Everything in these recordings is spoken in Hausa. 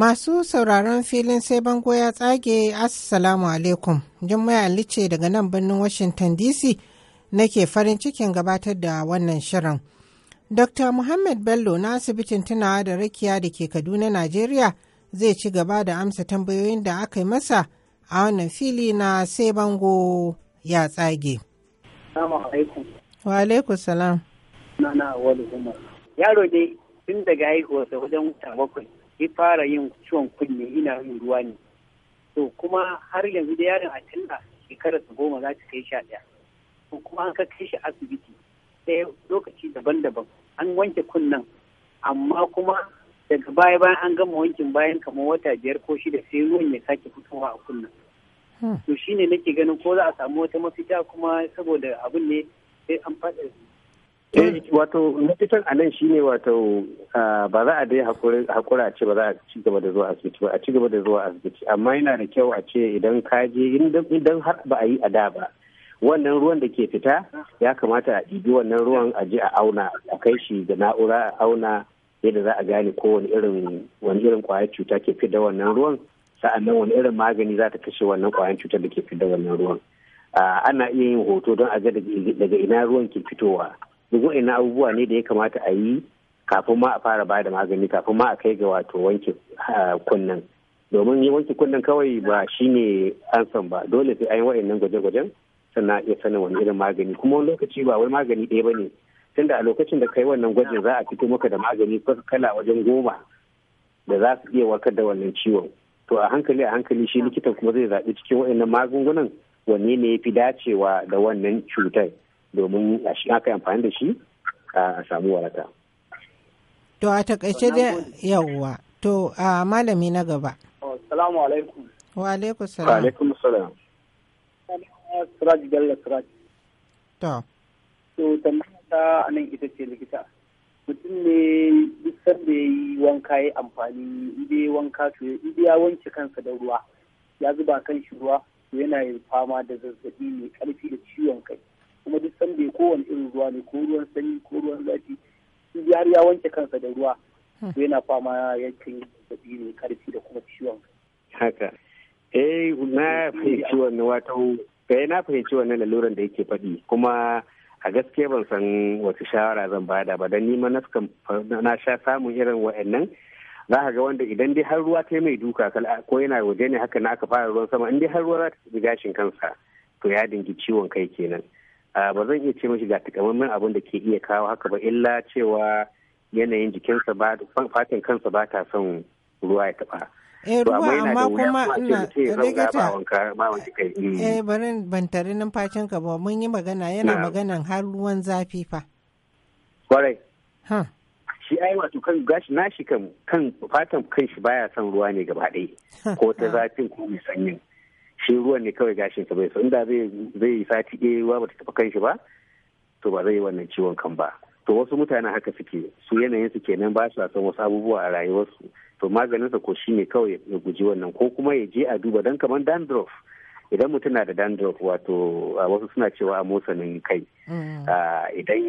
Masu sauraron filin sai bango ya tsage Assalamu alaikum. Jummai Ali ce daga nan birnin Washington DC nake farin cikin gabatar da wannan shirin. Dr. Muhammad Bello na asibitin tunawa da rakiya da ke Kaduna, Najeriya zai ci gaba da amsa tambayoyin da aka yi masa a wannan fili na sai bango ya tsage. Wa alaikum salam. Na na Yaro dai tun daga haihuwarsa wajen wuta bakwai ya fara yin ciwon kunne ina yin ruwa ne to kuma har yanzu da yaron a tilla shekarar ta goma za ta kai sha ɗaya to kuma an kai shi asibiti sai lokaci daban-daban an wanke kunnen amma kuma daga baya bayan an gama wankin bayan kamar wata biyar ko shida sai ruwan ya sake fitowa a kunnen hmm. to shine nake ganin ko za a samu wata mafita kuma saboda abin ne sai an faɗa Eh, hmm. wato likitan a nan shine wato ba za a dai hakura a ce ba za a ci gaba da zuwa asibiti ba a ci gaba da zuwa asibiti amma yana da kyau a ce idan ka je idan har ba a yi a da ba wannan ruwan da ke fita ya kamata a ɗibi wannan ruwan a je a auna a kai shi da na'ura a auna yadda za a gane ko wani irin wani irin kwayar cuta ke fidda wannan ruwan sa'annan wani irin magani za ta kashe wannan kwayar cutar da ke fidda wannan ruwan ana iya yin hoto don a ga daga ina ruwan ke fitowa duk wa'annan abubuwa ne da ya kamata a yi kafin ma a fara ba da magani kafin ma a kai ga wato wanke kunnen domin yi wanke kunnen kawai ba shi ne ansan ba dole sai ayi yi wa'annan gwaje-gwajen sannan iya sanin wani irin magani kuma wani lokaci ba wai magani ɗaya ba ne tunda a lokacin da kai wannan gwajin za a fito maka da magani kala wajen goma da za su iya warkar da wannan ciwon to a hankali a hankali shi likitan kuma zai zaɓi cikin waɗannan magungunan wanne ne ya fi dacewa da wannan cutar domin a shi aka amfani da shi a samu waraka. To a takaice da yawwa. To a malami na gaba. Assalamu alaikum. Wa alaikum salam. Wa alaikum salam. Siraj Bello Siraj. To. To tambaya ta anan ita ce likita. Mutum ne duk sanda ya yi wanka ya amfani ide wanka to ide ya wanke kansa da ruwa. Ya zuba kan shi ruwa yana yin fama da zazzabi mai karfi da ciwon kai. kuma duk san bai kowane irin ruwa ne ko ruwan sanyi ko ruwan zafi in har ya wanke kansa da ruwa to yana fama yankin zazzabi ne karfi da kuma ciwon haka eh na fahimci wannan wato eh na fahimci wannan laluran da yake faɗi kuma a gaske ban san wata shawara zan bada ba dan nima na sha samun irin wa'annan za ka ga wanda idan dai har ruwa ta mai duka ko yana waje ne haka na aka fara ruwan sama in dai har ruwa za ta gashin kansa to ya dingi ciwon kai kenan ba zan iya ce mashi ga takamaiman abin da ke iya kawo haka ba illa cewa yanayin jikinsa ba fatan kansa ba ta son ruwa ya taba eh ruwa amma kuma ina rigata mm. eh barin ban tare numfashin ka ba mun yi magana yana maganan har ruwan zafi fa kwarai shi ai wato kan gashi nashi kan kan fatan kan shi baya son ruwa ne gaba ɗaya ko ta zafin ko mai sanyin shi ruwan ne kawai gashin sa bai so inda zai zai sati ɗaya ruwa bata taɓa shi ba to ba zai yi wannan ciwon kan ba to wasu mutane haka suke su yanayin su kenan ba su son wasu abubuwa a rayuwarsu to maganin maganinsa ko ne kawai ya guji wannan ko kuma ya je a duba dan kamar dandruff idan mutum na da dandruff wato wasu suna cewa a motsa nan kai mm. idan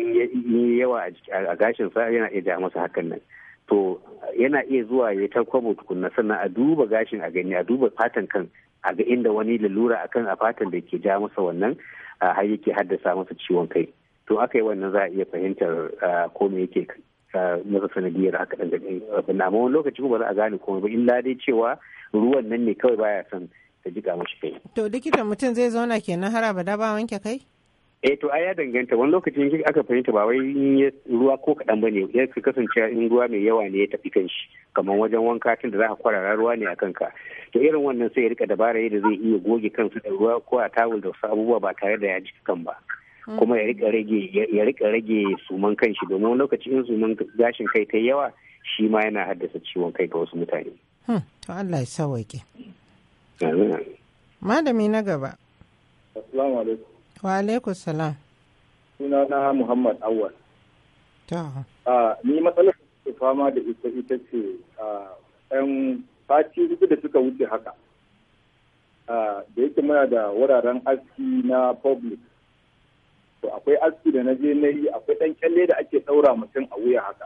yi yawa a gashin sa yana iya ja masa hakan nan to yana iya zuwa ya ta kwabo tukunna sannan a duba gashin a gani a duba fatan kan a ga inda wani lalura akan a fatan da ke ja masa wannan har yake haddasa masa ciwon kai to aka yi wannan za a iya fahimtar ko me yake masa sanadiyar haka ɗan abin na wani lokaci ba za a gane komai ba illa dai cewa ruwan nan ne kawai baya son ta jiƙa mashi kai. to likitan mutum zai zauna kenan har abada ba wanke kai? eh to ai ya danganta wani lokacin in aka fahimta ba wai ruwa ko kaɗan ba ne ya kasance in ruwa mai yawa ne ya tafi kan shi kamar wajen wanka tun da za ka kwarara ruwa ne a kanka to irin wannan sai ya rika dabara da zai iya goge kansu da ruwa ko a tawul da wasu abubuwa ba tare da ya ji kan ba hmm. kuma ya rika rage ya rika rage suman shi domin wani lokaci in suman gashin kai ta yawa shi ma yana haddasa ciwon kai ga wasu mutane. Hmm. to Allah ya sawaƙe. Malami na gaba. Assalamu alaikum. Wa alaikum salam. Suna na Muhammad Awal. Ta. Ni matsalar da fama da ita ita ce ‘yan fati hudu da suka wuce haka. Da yake muna da wuraren aski na public. To akwai aski da na je na yi akwai ɗan kyalle da ake ɗaura mutum a wuya haka.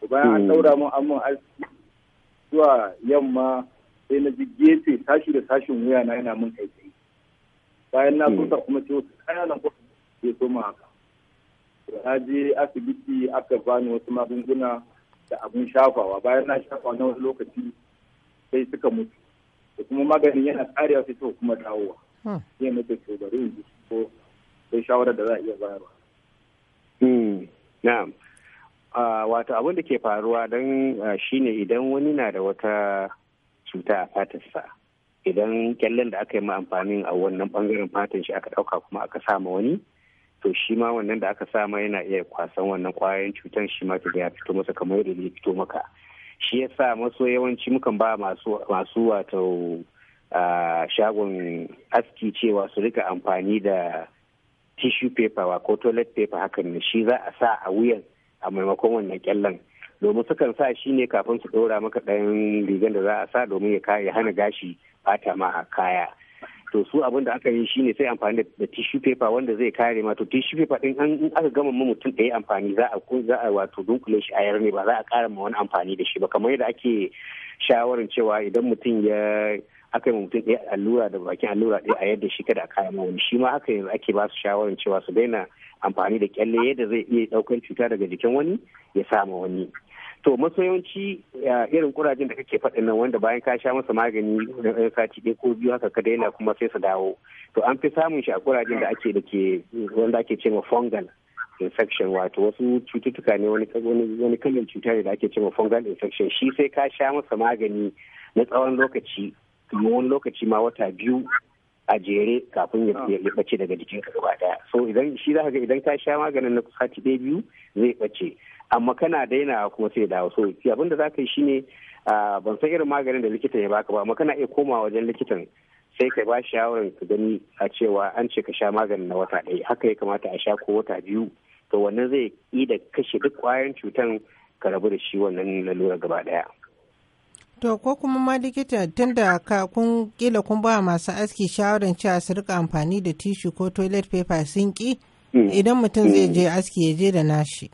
To bayan an hmm. ɗaura mun an aski zuwa yamma sai na ji gefe tashi da tashin wuya na yana mun aiki. bayan na kusa hmm. kuma na kananan kuma ya soma haka na je asibiti aka bani wasu magunguna da abin shafawa bayan na shafawa na wani lokaci sai suka mutu da kuma maganin yana karewa sai suka kuma dawowa hmm. sai na ce bari in ko sai shawarar da za a iya bayarwa hmm. na'am ah, wato abin da ke faruwa don ah, shine idan wani na da wata cuta a fatarsa idan kyallen da aka yi ma amfanin a wannan bangaren fatan shi aka dauka kuma aka sa ma wani to shi ma wannan da aka sama yana iya kwasan wannan kwayoyin cutar shi ma ta ya fito masa kamar yadda ya fito maka shi ya sa maso yawanci mukan ba masu wato shagon aski cewa su rika amfani da tissue paper wa ko toilet paper hakan ne shi za a sa a wuyan a maimakon wannan kyallen domin sukan sa shi ne kafin su ɗora maka ɗayan rigar da za a sa domin ya hana gashi bata ma a kaya to su abin da aka yi shine sai amfani da tissue paper wanda zai kare ma to tissue paper din an aka gama ma mutum ɗaya amfani za a za a wato dunkule shi a yar ne ba za a ƙara ma wani amfani da shi ba kamar yadda ake shawarar cewa idan mutum ya aka yi ma mutum ɗaya allura da bakin allura ɗaya a yadda shi kada a kaya ma wani shi ma haka yanzu ake ba su shawarar cewa su daina amfani da kyalle yadda zai iya ɗaukar cuta daga jikin wani ya sa ma wani to masoyanci irin kurajen da kake faɗin nan wanda bayan ka sha masa magani na eh, sati ɗaya ko biyu haka ka daina kuma sai su dawo to an fi samun shi a kurajen da ake da ke wanda ake cewa fungal infection wato wasu cututtuka ne wani wani kalan cuta ne da ake cewa fungal infection shi sai ka sha masa magani na tsawon lokaci kuma wani lokaci ma wata biyu a jere kafin ya bace daga jikinka gaba ɗaya so idan shi za ka ga idan ka sha maganin na sati ɗaya biyu zai bace amma kana daina kuma sai dawo so abin da za ka yi shine ban san irin maganin da likitan ya baka ba amma kana iya komawa wajen likitan sai ka ba shawarar ka gani a cewa an ce ka sha maganin na wata ɗaya haka ya kamata a sha ko wata biyu to wannan zai yi da kashe duk kwayan cutan ka rabu da shi wannan lalura gaba ɗaya. To ko kuma ma likita tunda ka kun kila kun ba masu aski shawaran cewa su rika amfani da tishu ko toilet paper sun ki mm. idan mutum zai mm. je aski ya je da nashi.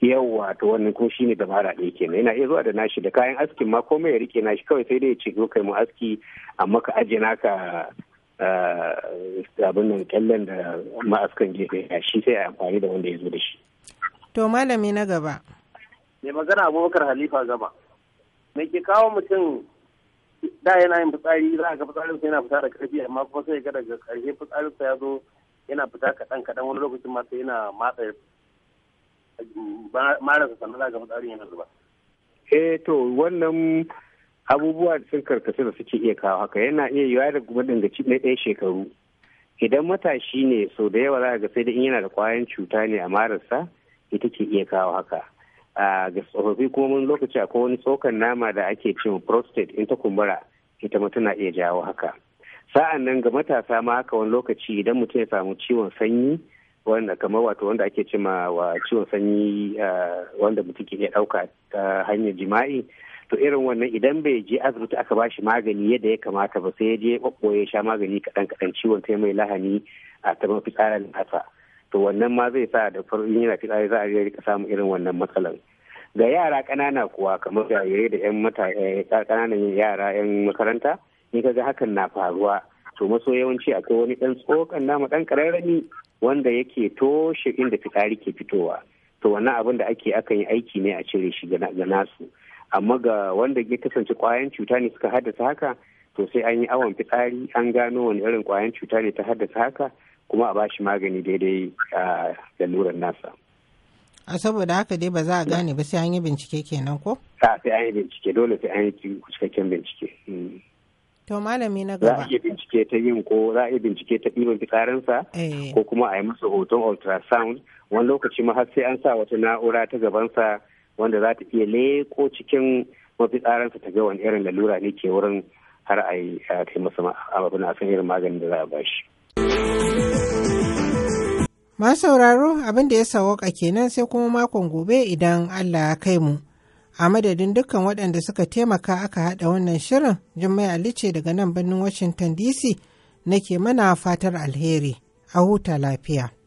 yawwa to wannan kuma shine dabara ɗaya kenan yana iya zuwa da nashi da kayan askin ma komai ya rike nashi kawai sai dai ya ce zo kai mu aski amma ka aje naka eh, abin nan kyallen da ma'askan gefe ya shi sai a amfani da wanda ya zo da shi. To malami na gaba. Mai magana Abubakar Halifa gaba. Mai ke kawo mutum da yana yin fitsari za a ga sa yana fita da karfi amma kuma sai ga daga karshe sa ya zo yana fita kaɗan kaɗan wani lokacin ma sai yana matsa marasa sannan za ga matsarin yanzu zuba eh to wannan abubuwa sun karkace da suke iya kawo haka yana iya yiwa da kuma dangaci na ɗaya shekaru idan matashi ne sau da yawa za ga sai da in yana da kwayan cuta ne a marasa ita ke iya kawo haka a ga tsofaffi kuma mun lokaci akwai wani tsokan nama da ake cewa prostate in ta kumbura ita ma tana iya jawo haka sa'an nan ga matasa ma haka wani lokaci idan mutum ya samu ciwon sanyi wanda kamar wato wanda ake cima wa ciwon sanyi eh, wanda mutum ke iya ɗauka ta hanyar jima'i to irin wannan idan bai je asibiti aka ba shi magani yadda ya kamata ba sai ya je ya sha magani kaɗan kaɗan ciwon sai mai lahani eh, a mafi tsarin nasa to wannan ma zai sa da farin yana fitsari za a rika samun irin wannan matsalan ga yara ƙanana kuwa kamar jarirai da yan mata eh, ƙananan yara yan makaranta ni ga hakan na faruwa to maso yawanci akwai wani ɗan tsokan nama ɗan ƙararrami wanda yake toshe inda fitsari ke fitowa to wannan abin da ake akan yi aiki ne a cire shi ga nasu amma ga wanda ya kasance kwayan cuta ne suka haddasa haka to sai an yi awon fitsari an gano wani irin kwayan cuta ne ta haddasa haka kuma a bashi magani daidai a laluran nasa a saboda haka dai ba za a gane ba sai an yi bincike kenan ko? sai an yi bincike dole sai an yi cikakken bincike hmm. To malami na gaba. Za a iya bincike ta yin ko za a iya bincike ta ɗiban fitsarinsa eh. ko kuma a yi masa hoton ultrasound wani lokaci ma har sai an sa wata na'ura ta gabansa wanda za ta iya leko cikin mafitsarinsa ta ga wani irin lalura ne ke wurin har a yi masa abin a san irin maganin da za a bashi. shi. sauraro abin da ya sawaka kenan sai kuma makon gobe idan Allah ya kai mu. a madadin dukkan waɗanda suka taimaka aka haɗa wannan shirin jummai ali ce daga nan birnin washington dc nake mana fatar alheri a huta lafiya